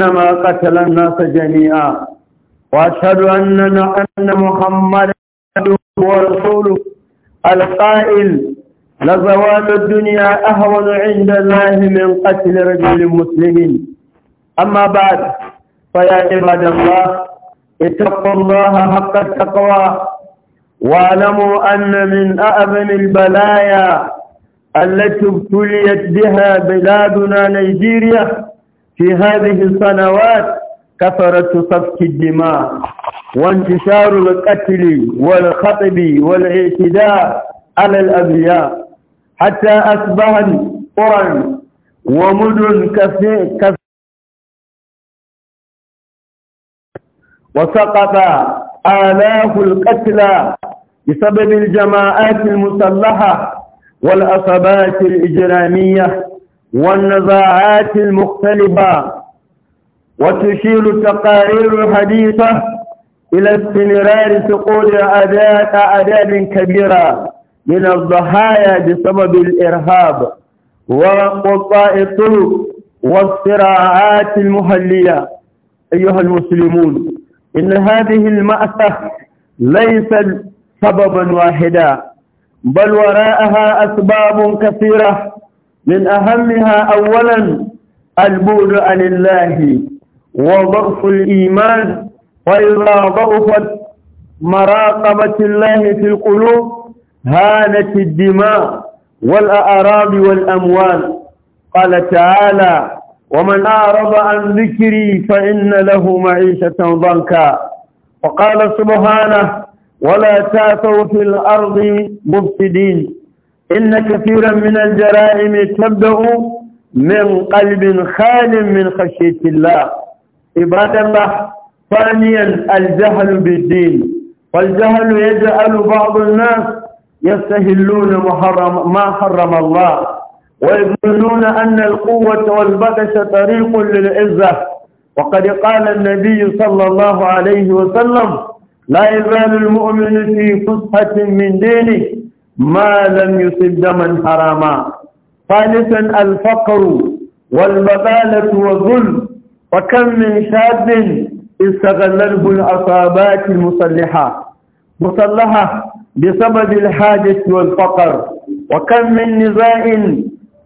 إنما قتل الناس جميعا وأشهد أننا أن محمد ورسوله القائل لزوال الدنيا أهون عند الله من قتل رجل مسلم أما بعد فيا عباد الله اتقوا الله حق التقوى واعلموا أن من أعظم البلايا التي ابتليت بها بلادنا نيجيريا في هذه السنوات كثرة سفك الدماء وانتشار القتل والخطب والاعتداء على الأبياء حتى أصبح قرى ومدن كثير وسقط آلاف القتلى بسبب الجماعات المسلحة والعصابات الإجرامية والنزاعات المختلفة وتشير التقارير الحديثة إلى استمرار سقوط أعداد أعداد كبيرة من الضحايا بسبب الإرهاب وقطاع الطرق والصراعات المحلية أيها المسلمون إن هذه المأساة ليست سببا واحدا بل وراءها أسباب كثيرة من أهمها أولا البعد عن الله وضعف الإيمان وإذا ضعفت مراقبة الله في القلوب هانت الدماء والأعراب والأموال قال تعالى ومن أعرض عن ذكري فإن له معيشة ضنكا وقال سبحانه ولا تاتوا في الأرض مفسدين إن كثيرا من الجرائم تبدأ من قلب خال من خشية الله عباد الله ثانيا الجهل بالدين والجهل يجعل بعض الناس يستهلون محرم ما حرم الله ويظنون أن القوة والبطش طريق للعزة وقد قال النبي صلى الله عليه وسلم لا يزال المؤمن في فسحة من دينه ما لم يصب دما حراما ثالثا الفقر والبغالة والظلم وكم من شاب استغلله العصابات المسلحة مسلحة بسبب الحاجة والفقر وكم من نزاع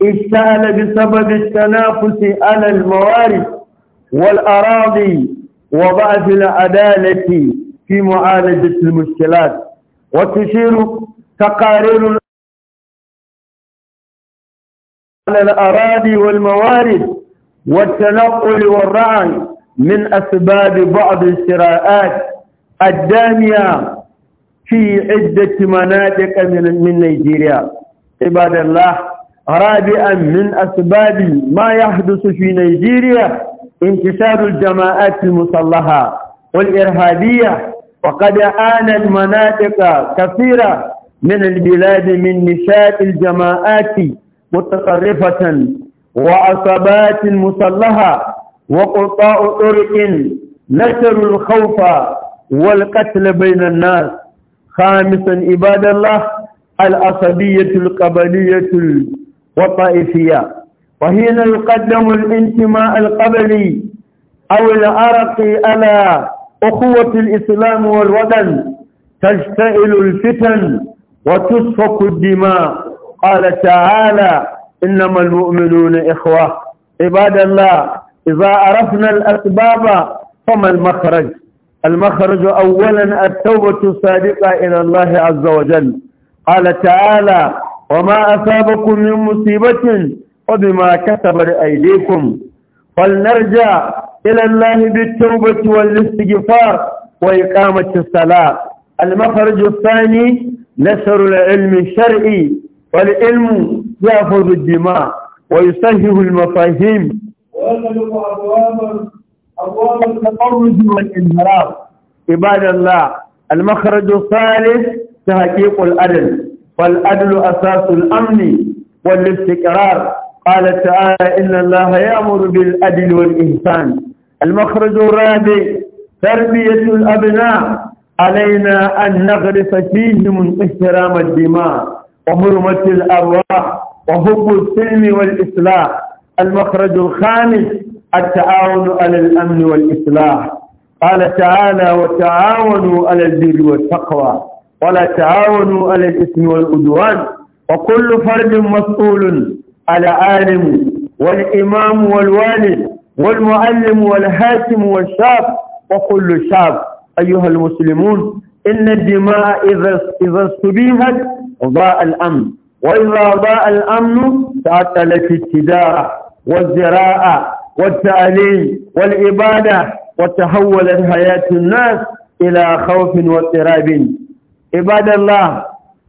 اشتعل بسبب التنافس على الموارد والأراضي وضعف العدالة في معالجة المشكلات وتشير تقارير على الأراضي والموارد والتنقل والرعي من أسباب بعض الشراءات الدامية في عدة مناطق من, من نيجيريا عباد الله رابعا من أسباب ما يحدث في نيجيريا انتشار الجماعات المسلحة والإرهابية وقد آن المناطق كثيرة من البلاد من نساء الجماعات متطرفة وعصبات مسلحة وقطاع طرق نشر الخوف والقتل بين الناس خامسا عباد الله العصبية القبلية والطائفية وهنا يقدم الانتماء القبلي أو العرقي على أخوة الإسلام والوطن تشتعل الفتن وتسفك الدماء قال تعالى إنما المؤمنون إخوة عباد الله إذا عرفنا الأسباب فما المخرج المخرج أولا التوبة الصادقة إلى الله عز وجل قال تعالى وما أصابكم من مصيبة وبما كتب أيديكم فلنرجع إلى الله بالتوبة والاستغفار وإقامة الصلاة المخرج الثاني نشر العلم الشرعي والعلم يأخذ الدماء ويسهل المفاهيم ويغلق أبواب أبواب التقرب والانحراف عباد الله المخرج الثالث تحقيق العدل والعدل أساس الأمن والاستقرار قال تعالى إن الله يأمر بالعدل والإحسان المخرج الرابع تربية الأبناء علينا أن نغرس فيهم احترام الدماء وحرمة الأرواح وحب السلم والإصلاح المخرج الخامس التعاون على الأمن والإصلاح قال تعالى وتعاونوا على البر والتقوى ولا تعاونوا على الإثم والعدوان وكل فرد مسؤول على عالم والإمام والوالد والمعلم والحاكم والشاب وكل شاب أيها المسلمون إن الدماء إذا إذا استبيهت ضاء الأمن وإذا ضاء الأمن تعطلت التجارة والزراعة والتعليم والإبادة وتحولت حياة الناس إلى خوف واضطراب عباد الله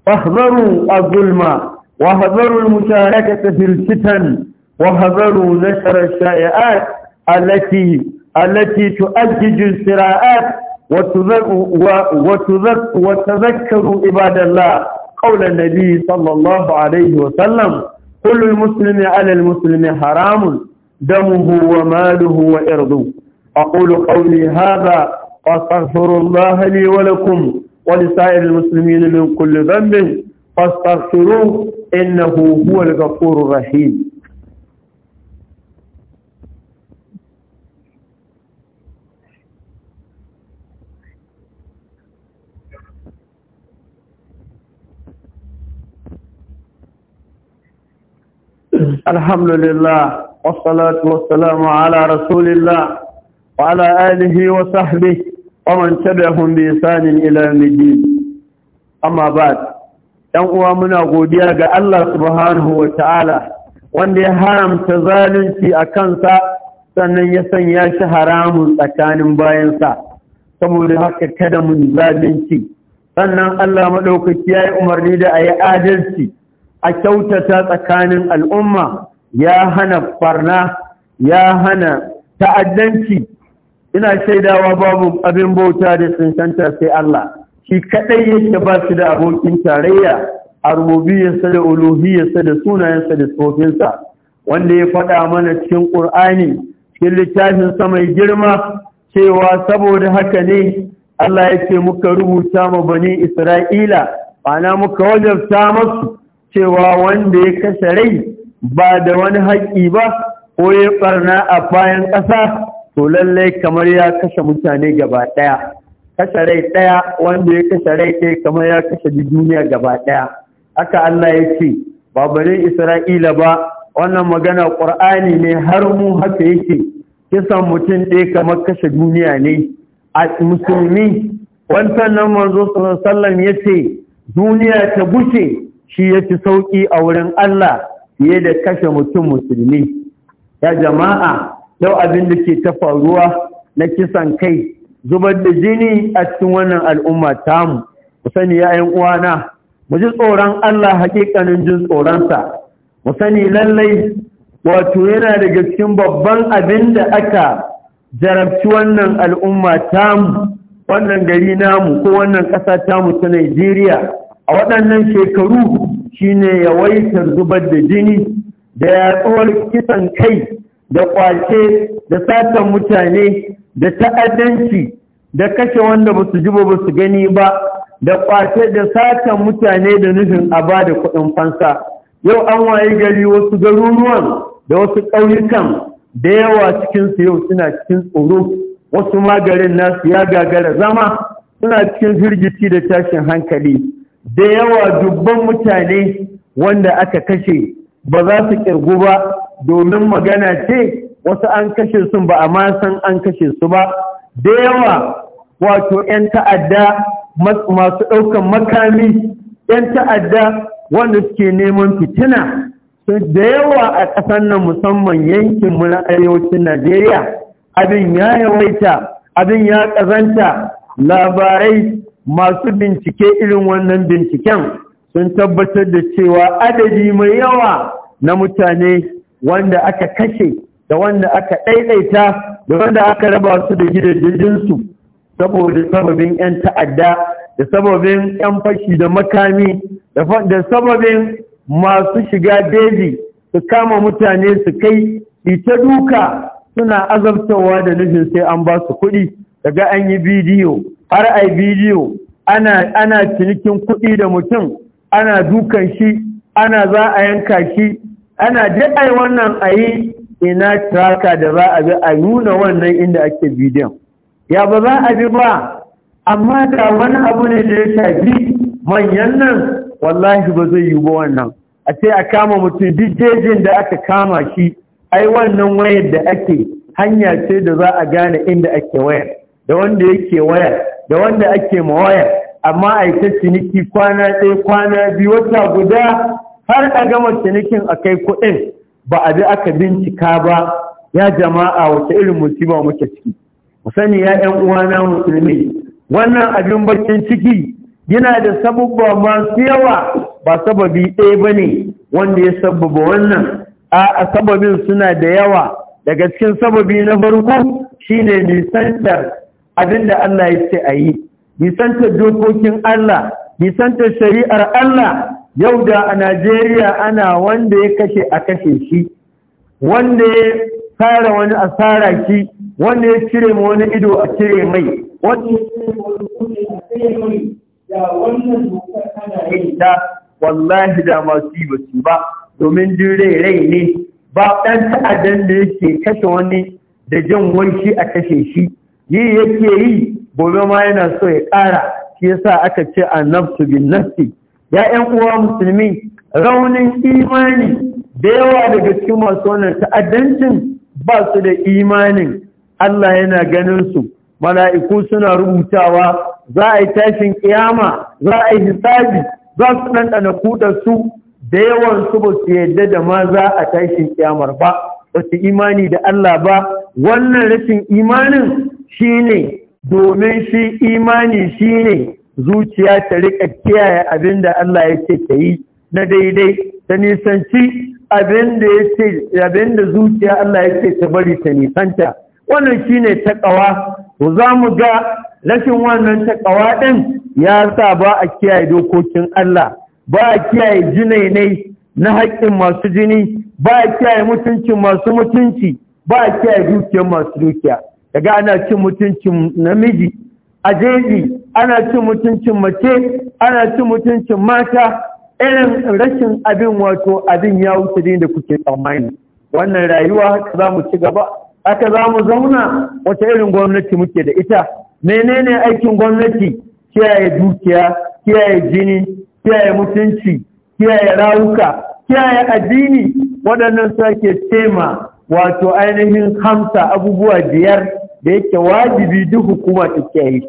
احذروا الظلم واحذروا المشاركة في الفتن واحذروا نشر الشائعات التي التي تؤجج الصراعات وتذكروا عباد الله قول النبي صلى الله عليه وسلم كل المسلم على المسلم حرام دمه وماله وإرضه أقول قولي هذا وأستغفر الله لي ولكم ولسائر المسلمين من كل ذنب فاستغفروه إنه هو الغفور الرحيم الحمد لله والصلاة والسلام على رسول الله وعلى آله وصحبه ومن تبعهم بإحسان إلى يوم الدين أما بعد uwa muna godiya ga Allah subhanahu wa ta'ala wanda ya haramta zalunci a kansa sannan ya sanya shi haramun tsakanin bayansa saboda haka kada mun zalunci sannan Allah maɗaukaki ya yi umarni da a yi adalci a kyautata tsakanin al'umma ya hana farna ya hana ta'addanci ina shaidawa babu abin bauta da tsinkanta sai Allah shi kaɗai yake ba su da abokin tarayya a rububiyarsa da uluhiyarsa da sunayensa da tsofinsa wanda ya faɗa mana cikin ƙur'ani cikin littafin mai girma cewa saboda haka ne Allah ya ce muka rubuta ma bani Isra'ila ana muka wajabta masu cewa wanda ya kashe rai ba da wani haƙƙi ba ko ya ɓarna a bayan ƙasa to lallai kamar ya kashe mutane gaba ɗaya kashe rai ɗaya wanda ya kashe rai ɗaya kamar ya kashe duniya gaba ɗaya haka Allah ya ce ba bare Isra'ila ba wannan magana Qur'ani ne har mu haka yake kisan mutum ɗaya kamar kashe duniya ne a musulmi wancan nan manzo sallallahu alaihi wasallam yace duniya ta bushe shi ya fi sauƙi a wurin Allah fiye da kashe mutum musulmi ya jama'a yau abin da ke ta faruwa na kisan kai zubar da jini a cikin wannan al'umma tamu mu sani yayin uwana mu ji tsoron Allah haƙiƙanin jin tsoronsa mu sani lallai wato yana daga cikin babban abin da aka jarabci wannan al'umma tamu wannan gari namu ko wannan ƙasa tamu ta Najeriya a waɗannan shekaru shine yawaitar zubar da jini da yatsuwar kisan kai da kwace da satan mutane da ta'addanci da kashe wanda ba su ji ba su gani ba da kwace da satan mutane da nufin a ba da kuɗin fansa yau an waye gari wasu garuruwan da wasu ƙauyukan da yawa cikinsu yau suna cikin tsoro wasu magarin nasu ya gagara zama suna cikin firgici da tashin hankali da yawa dubban mutane wanda aka kashe ba za su kirgu ba domin magana ce wasu an kashe sun ba a san an kashe su ba da yawa wato 'yan ta'adda masu ɗaukan makami 'yan ta'adda wanda suke neman fitina da yawa a ƙasar nan musamman yankinmu na arewacin najeriya abin ya yawaita abin ya ƙazanta labarai masu bincike irin wannan binciken sun tabbatar da cewa adadi mai yawa na mutane wanda aka kashe da wanda aka ɗaiɗaita da wanda aka raba su da gidajensu saboda sababin 'yan ta'adda da sababin 'yan fashi da makami da sababin masu shiga daji su kama mutane su kai ita duka suna azabtawa da nufin sai an ba su kuɗi daga an yi bidiyo har a bidiyo ana cinikin kuɗi da mutum ana dukan shi ana za a yanka shi ana duk wannan a yi ina traka da za a bi a nuna wannan inda ake bidiyon ya ba za a bi ba amma da wani abu ne da ya shafi manyan nan wallahi ba zai yi ba wannan a ce a kama mutum duk jejin da aka kama shi ai wannan wayar da ake hanya ce da za a gane inda ake wayar da wanda yake wayar da wanda ake mawaya amma a yi ta ciniki kwana ɗaya kwana biyu wata guda har a gama cinikin a kai kuɗin ba a bi aka bincika ba ya jama'a wata irin musiba muke ciki mu sani ya ƴan uwana musulmi wannan abin bakin ciki yana da sabubba masu yawa ba sababi ɗaya ba ne wanda ya sababa wannan a sababin suna da yawa daga cikin sababi na farko shine nisantar abinda Allah ya ce a yi nisantar dokokin Allah nisantar shari'ar Allah yau da a Najeriya ana wanda ya kashe a kashe shi wanda ya fara wani a tsara shi wanda ya cire ma wani ido a cire mai wanda ya cire ma wani mai da wannan dokar ana yin ta wallahi da masu yi ba ba domin dire rai ne ba ɗan ta'adan da yake kashe wani da jan a kashe shi yi yake yi gobe ma yana so ya ƙara shi yasa aka ce annabtu bin nafsi ya ƴan uwa musulmi raunin imani da yawa daga cikin masu wannan ta'addancin ba su da imanin Allah yana ganin su mala'iku suna rubutawa za a yi tashin ƙiyama, za a yi hisabi za su ɗanɗana kuɗa su da yawan su ba su yadda da ma za a tashin kiyamar ba ba su imani da Allah ba wannan rashin imanin shine domin shi imani shine zuciya ta rika kiyaye abin da Allah ya ce ta yi na daidai ta nisanci abin da zuciya Allah ya ce ta bari ta nisanta wannan shi shine ta to za mu ga rashin wannan ta ƙawa ɗin ya sa ba a kiyaye dokokin Allah ba a kiyaye jinainai na haƙƙin masu jini ba a kiyaye mutuncin masu mutunci ba a kiyaye dukiyar masu dukiya daga ana cin mutuncin namiji a jeji ana cin mutuncin mace ana cin mutuncin mata irin rashin abin wato abin ya wuce ne da kuke tsammani wannan rayuwa haka za mu ci gaba haka za mu zauna wata irin gwamnati muke da ita menene aikin gwamnati kiyaye dukiya kiyaye jini kiyaye mutunci kiyaye rawuka kiyaye addini waɗannan sake tema wato ainihin hamsa abubuwa biyar da yake wajibi duk hukuma take yi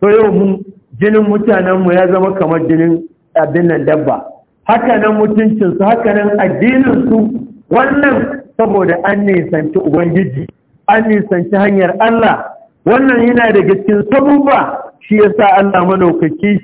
to yau mun jinin mutanenmu ya zama kamar jinin abin nan dabba haka nan mutuncinsu haka nan su wannan saboda an nisanci ubangiji an nisanci hanyar Allah wannan yana da cikin sabuba shi yasa Allah madaukaki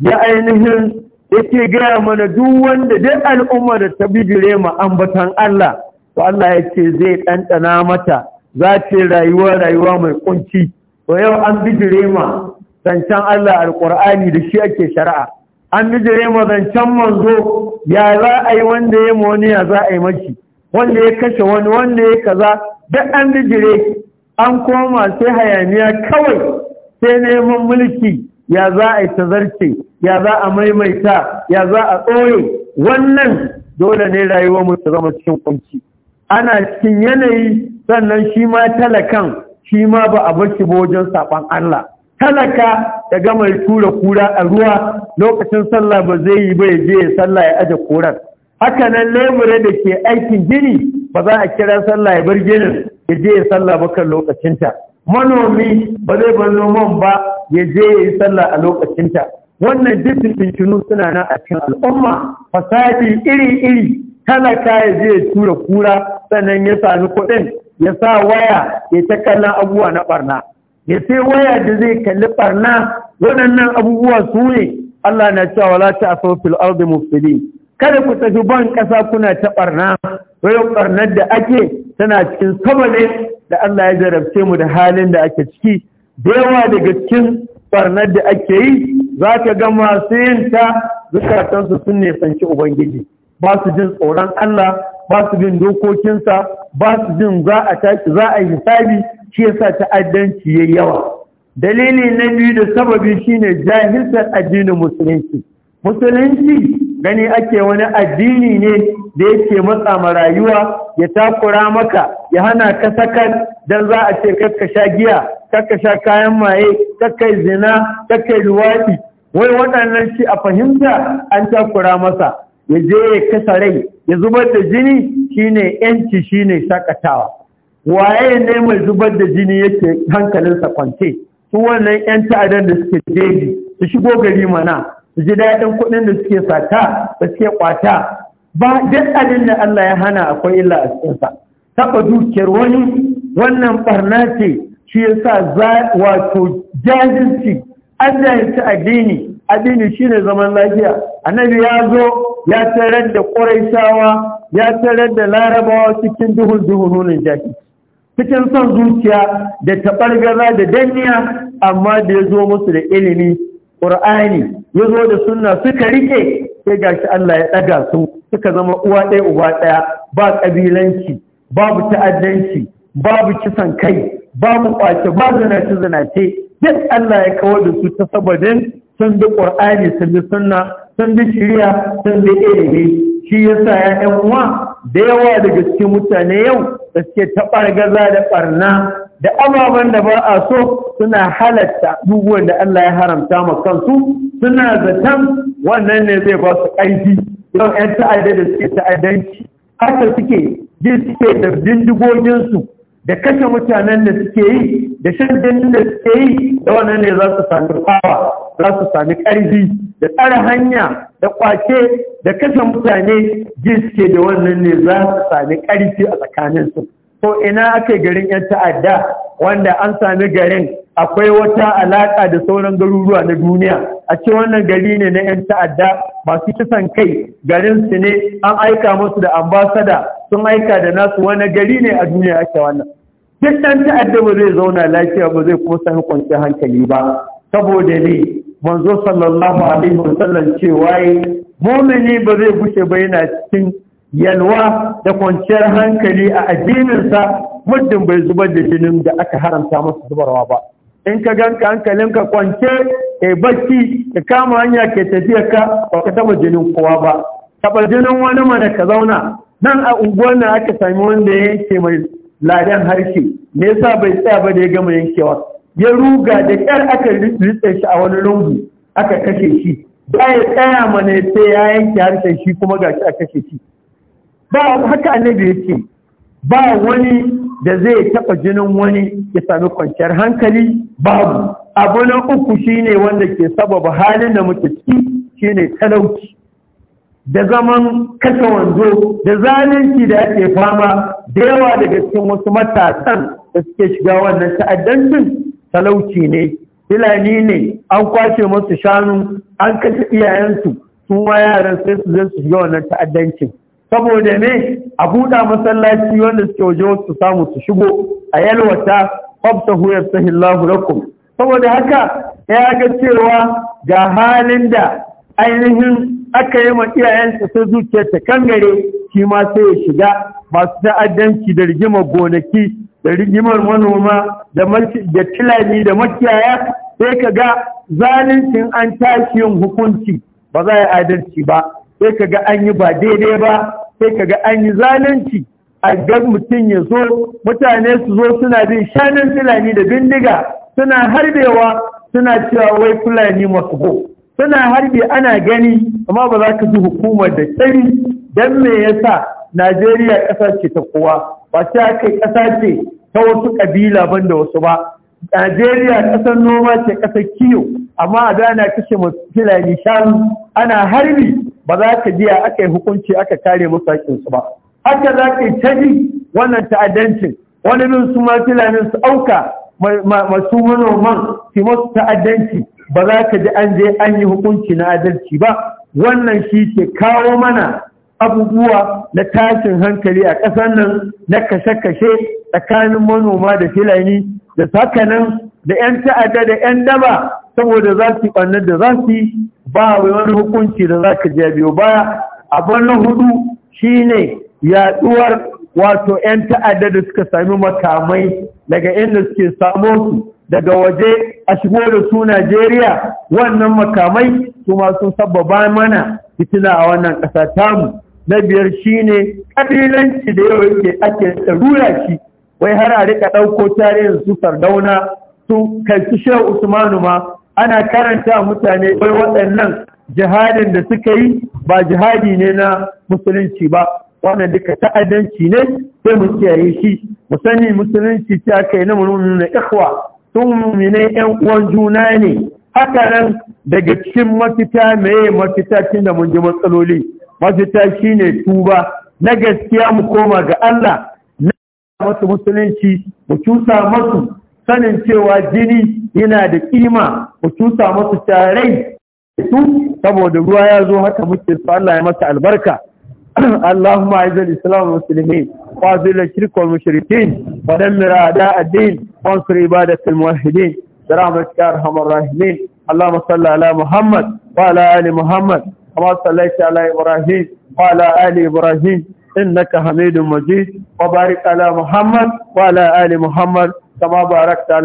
ya ainihin yake gaya mana duk wanda duk al'umma da ta bijire mu ambatan Allah to Allah ya ce zai ɗanɗana mata za ce rayuwa rayuwa mai kunci to yau an bijire ma zancen Allah alƙur'ani da shi ake shari'a an bijire ma zancen manzo ya za a yi wanda ya wani ya za a yi mashi wanda ya kashe wani wanda ya kaza duk an bijire an koma sai hayaniya kawai sai neman mulki ya za a yi tazarce ya za a maimaita ya za a tsoye wannan dole ne rayuwar mu ta zama cikin kunci ana cikin yanayi sannan shi ma talakan shi ma ba a bar shi ba wajen saɓan Allah talaka ya gama ya tura kura a ruwa lokacin sallah ba zai yi ba ya je ya sallah ya aje koran haka nan lemure da ke aikin gini ba za a kira sallah ya bar ginin ya je ya sallah ba kan lokacinta manomi ba zai bar noman ba ya je ya yi sallah a lokacinta wannan dukkan tuntunu suna nan a cikin al'umma fasadi iri-iri talaka ya je ya tura kura sannan ya sami kuɗin ya sa waya ya ta kallon abubuwa na ɓarna. ya sai waya da zai kalli ɓarna, waɗannan abubuwa su ne Allah na cewa wala ta asau fil ardi mufsidin kada ku tafi ban ƙasa kuna ta ɓarna, wayo barnar da ake tana cikin sabale da Allah ya jarabce mu da halin da ake ciki da yawa daga cikin barnar da ake yi za ka ga masu yin ta zukatansu sun nisanci ubangiji ba su jin tsoron Allah ba su bin dokokinsa ba su bin za a tashi za yi hisabi shi yasa ta'addanci yayi yawa dalili na biyu da sababi shine jahiltar addinin musulunci musulunci gani ake wani addini ne da yake matsa ma rayuwa ya takura maka ya hana ka sakar dan za a ce kakasha giya kakasha kayan maye kakai zina kakai luwaɗi wai waɗannan shi a fahimta an takura masa ya je ya kasa rai ya zubar da jini shine yanci shine shakatawa waye ne mai zubar da jini yake hankalinsa kwance su wannan yan ta'adar da suke jeji su shigo gari mana su ji daɗin kuɗin da suke sata da suke kwata ba duk abin da Allah ya hana akwai illa a cikinsa taɓa dukiyar wani wannan barna ce shi yasa wato jahilci an jahilci addini addini shine zaman lafiya annabi ya zo ya tarar da ƙuraishawa ya tarar da larabawa cikin duhun duhununin jaki cikin son zuciya da taɓargaza da danniya amma da ya zo musu da ilimi ƙur'ani ya zo da sunna suka rike sai gashi Allah ya ɗaga su suka zama uwa ɗaya uba ɗaya ba ƙabilanci babu ta'addanci babu kisan kai babu ƙwace babu zinace zinace duk Allah ya kawo da su ta sabadin sun bi ƙur'ani sun bi sunna sun bi shirya sun bi ilimi shi sa ya ƴan uwa da yawa daga cikin mutane yau da suke taɓar gaza da ɓarna da ababen da ba a so suna halatta abubuwan da Allah ya haramta ma kansu suna zaton wannan ne zai ba su ƙarfi don ƴan ta'adda da suke ta'addanci haka suke jin suke da bindigoginsu da kashe mutanen da suke yi da shan da suke yi da wannan ne za su sami kawa za su sami ƙarfi da tsara hanya da ƙwace da kashe mutane jiske da wannan ne za su sami ƙarfi a tsakaninsu ko ina aka garin 'yan ta'adda wanda an sami garin akwai wata alaƙa da sauran garuruwa na duniya a ce wannan gari ne na 'yan ta'adda masu kisan kai garin su ne an aika masu da ambasada sun aika da nasu wani gari ne a duniya ake wannan duk ɗan ta'adda ba zai zauna lafiya ba zai kuma sami kwanciyar hankali ba saboda ne manzo sallallahu alaihi wasallam cewa mumini ba zai gushe ba yana cikin yalwa da kwanciyar hankali a addininsa muddin bai zubar da jinin da aka haramta masa zubarwa ba in ka ganka ka kwance kai bacci ka kama hanya ke tafiya ka ba ka taba jinin kowa ba taba jinin wani mana ka zauna nan a unguwar nan aka sami wanda ya yanke mai ladan harshe me yasa bai tsaya ba da ya gama yankewa ya ruga da ƙyar aka ritse shi a wani rungu aka kashe shi ba ya tsaya mana ya sai ya yanke harshen shi kuma ga shi a kashe shi ba haka annabi ya ce ba wani da zai taɓa jinin wani ya sami kwanciyar hankali babu abu na uku shine wanda ke sababa halin da muke ciki shine talauci da zaman kashe wanzu. da zalunci da ake fama da yawa daga cikin wasu matasan da suke shiga wannan ta'addancin talauci ne filani ne an kwace masu shanu an kashe iyayensu su ma yaran sai su zai su shiga wannan ta'addancin saboda ne a buɗa masallaci wanda suke waje wasu samu su shigo a yalwata huyar yafsahillahu lakum saboda haka ya ga cewa ga halin da ainihin aka yi ma iyayensa sai zuciyarta kangare shi ma sai ya shiga masu ta'addanci da rigimar gonaki da rigimar manoma da tilani da makiyaya sai ka ga zalincin an tashi yin hukunci ba za a yi adalci ba sai ka ga an yi ba daidai ba sai ka ga an yi zalunci a ga mutum ya zo mutane su zo suna bin shanun fulani da bindiga suna harbewa suna cewa wai fulani masu suna harbe ana gani amma ba za ka ji hukumar da tsari don me yasa Najeriya ƙasa ce ta kowa ba aka yi ƙasa ce ta wasu ƙabila ban da wasu ba Najeriya ƙasar noma ce ƙasar kiyo amma a da kashe kashe filani shanu ana harbi ba za ka biya aka yi hukunci aka kare musu haƙƙinsu ba haka za ka yi wannan ta'addancin wani bin su ma filanin su auka masu manoman su masu ta'addanci ba za ka ji an je an yi hukunci na adalci ba wannan shi ke kawo mana abubuwa na tashin hankali a ƙasar nan na kashe-kashe tsakanin manoma da filani da sakanan da 'yan ta'adda da 'yan daba saboda za su ɓannar da za su ba wani hukunci da za ka biyo baya abin na hudu shine yaduwar wato 'yan ta'adda da suka sami makamai daga inda suke samo su daga waje a shigo da su Najeriya wannan makamai su masu sababa mana fitina a wannan ƙasa tamu na biyar shine kabilanci da yawa yake ake tsarura shi wai har a rika ɗauko tarihin su sardauna su kai su sha usmanu ma ana karanta mutane wai waɗannan jihadin da suka yi ba jihadi ne na musulunci ba wannan duka ta'addanci ne sai mu kiyaye shi mu sani musulunci ta kai na mulmin na ikhwa sun mummune yan uwan juna ne haka nan daga cikin mafita mai mafita tun da mun ji matsaloli mafita ne tuba na gaskiya mu koma ga Allah na masu musulunci mu cusa masu sanin cewa jini yana da ƙima. mu cusa masu tarai su saboda ruwa ya zo haka muke su Allah ya masa albarka اللهم اعز الاسلام والمسلمين واذل الشرك والمشركين ودمر اعداء الدين وانصر عباده الموحدين برحمتك يا ارحم الراحمين اللهم صل على محمد وعلى ال محمد كما صليت على إبراهيم وعلى آل إبراهيم إنك حميد مجيد وبارك على محمد وعلى آل محمد كما باركت على